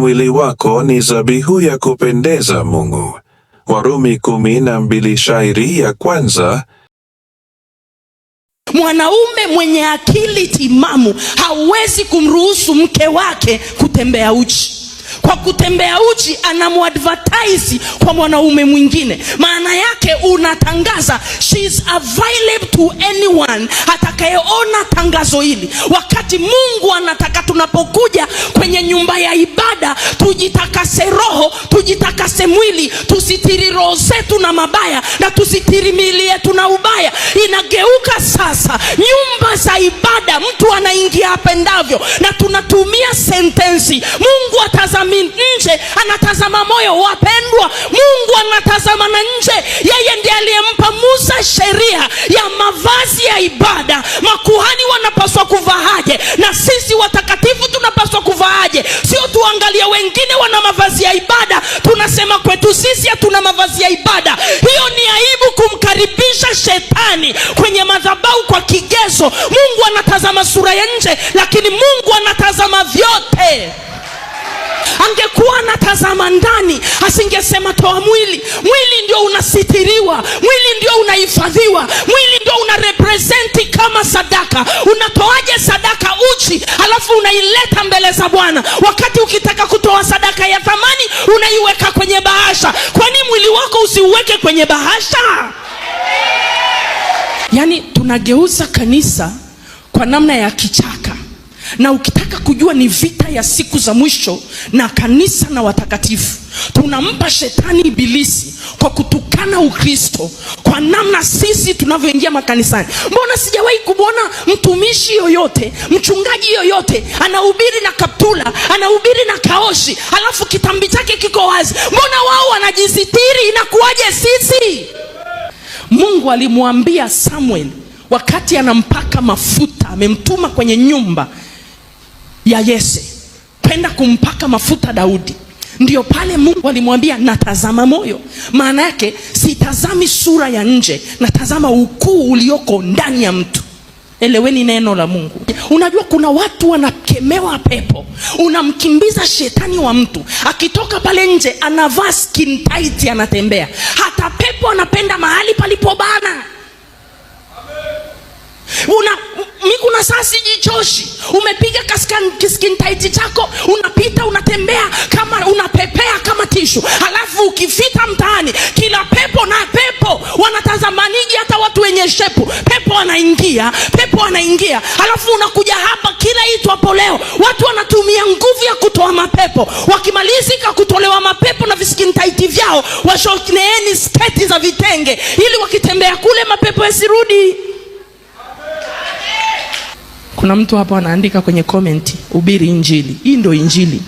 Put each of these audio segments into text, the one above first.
Mwili wako ni zabihu ya kupendeza Mungu. Warumi kumi na mbili shairi ya kwanza. Mwanaume mwenye akili timamu hawezi kumruhusu mke wake kutembea uchi kwa kutembea uchi anamuadvertise kwa mwanaume mwingine. Maana yake unatangaza she is available to anyone atakayeona tangazo hili, wakati Mungu anataka tunapokuja kwenye nyumba ya ibada, tujitakase roho, tujitakase mwili, tusitiri roho zetu na mabaya na tusitiri miili yetu na ubaya. Inageuka sasa nyumba za ibada, mtu anaingia apendavyo, na tunatumia sentensi. Mungu atazami nje, anatazama moyo. Wapendwa, Mungu anatazama na nje. Yeye ndiye aliyempa Musa sheria ya mavazi ya ibada. Makuhani wanapaswa kuvahaje na sisi wataka wengine wana mavazi ya ibada tunasema kwetu sisi hatuna mavazi ya ibada hiyo ni aibu kumkaribisha shetani kwenye madhabahu kwa kigezo mungu anatazama sura ya nje lakini mungu anatazama vyote angekuwa anatazama ndani asingesema toa mwili mwili ndio unasitiriwa mwili ndio unahifadhiwa mwili ndio unarepresenti kama sadaka unatoaje sadaka uchi alafu unaileta mbele za bwana wakati ukitaka kutoa sadaka ya thamani unaiweka kwenye bahasha kwani mwili wako usiuweke kwenye bahasha yaani tunageuza kanisa kwa namna ya kichaka na ukitaka kujua ni vita ya siku za mwisho na kanisa na watakatifu, tunampa shetani ibilisi kwa kutukana Ukristo kwa namna sisi tunavyoingia makanisani. Mbona sijawahi kumwona mtumishi yoyote, mchungaji yoyote anahubiri na kaptula, anahubiri na kaoshi, alafu kitambi chake kiko wazi? Mbona wao wanajisitiri? Inakuwaje sisi? Mungu alimwambia Samuel wakati anampaka mafuta, amemtuma kwenye nyumba ya Yese kwenda kumpaka mafuta Daudi. ndio pale Mungu alimwambia natazama moyo. Maana yake sitazami sura ya nje, natazama ukuu ulioko ndani ya mtu. Eleweni neno la Mungu. Unajua kuna watu wanakemewa pepo, unamkimbiza shetani wa mtu, akitoka pale nje anavaa skin tight, anatembea, hata pepo anapenda mahali kiskintaiti chako unapita unatembea kama unapepea kama tishu halafu ukifika mtaani kila pepo na pepo wanatazamaniji hata watu wenye shepu pepo wanaingia pepo wanaingia halafu unakuja hapa kila hapo leo watu wanatumia nguvu ya kutoa mapepo wakimalizika kutolewa mapepo na viskintaiti vyao washokneeni sketi za vitenge ili wakitembea kule mapepo yasirudi kuna mtu hapa anaandika kwenye komenti, ubiri Injili. Hii ndio Injili,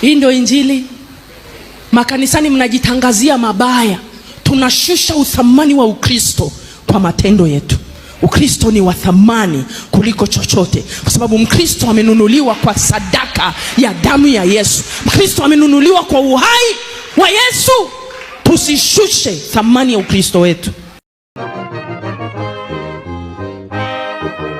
hii ndio Injili. Makanisani mnajitangazia mabaya. Tunashusha uthamani wa Ukristo kwa matendo yetu. Ukristo ni wa thamani kuliko chochote, kwa sababu Mkristo amenunuliwa kwa sadaka ya damu ya Yesu. Mkristo amenunuliwa kwa uhai wa Yesu. Tusishushe thamani ya Ukristo wetu.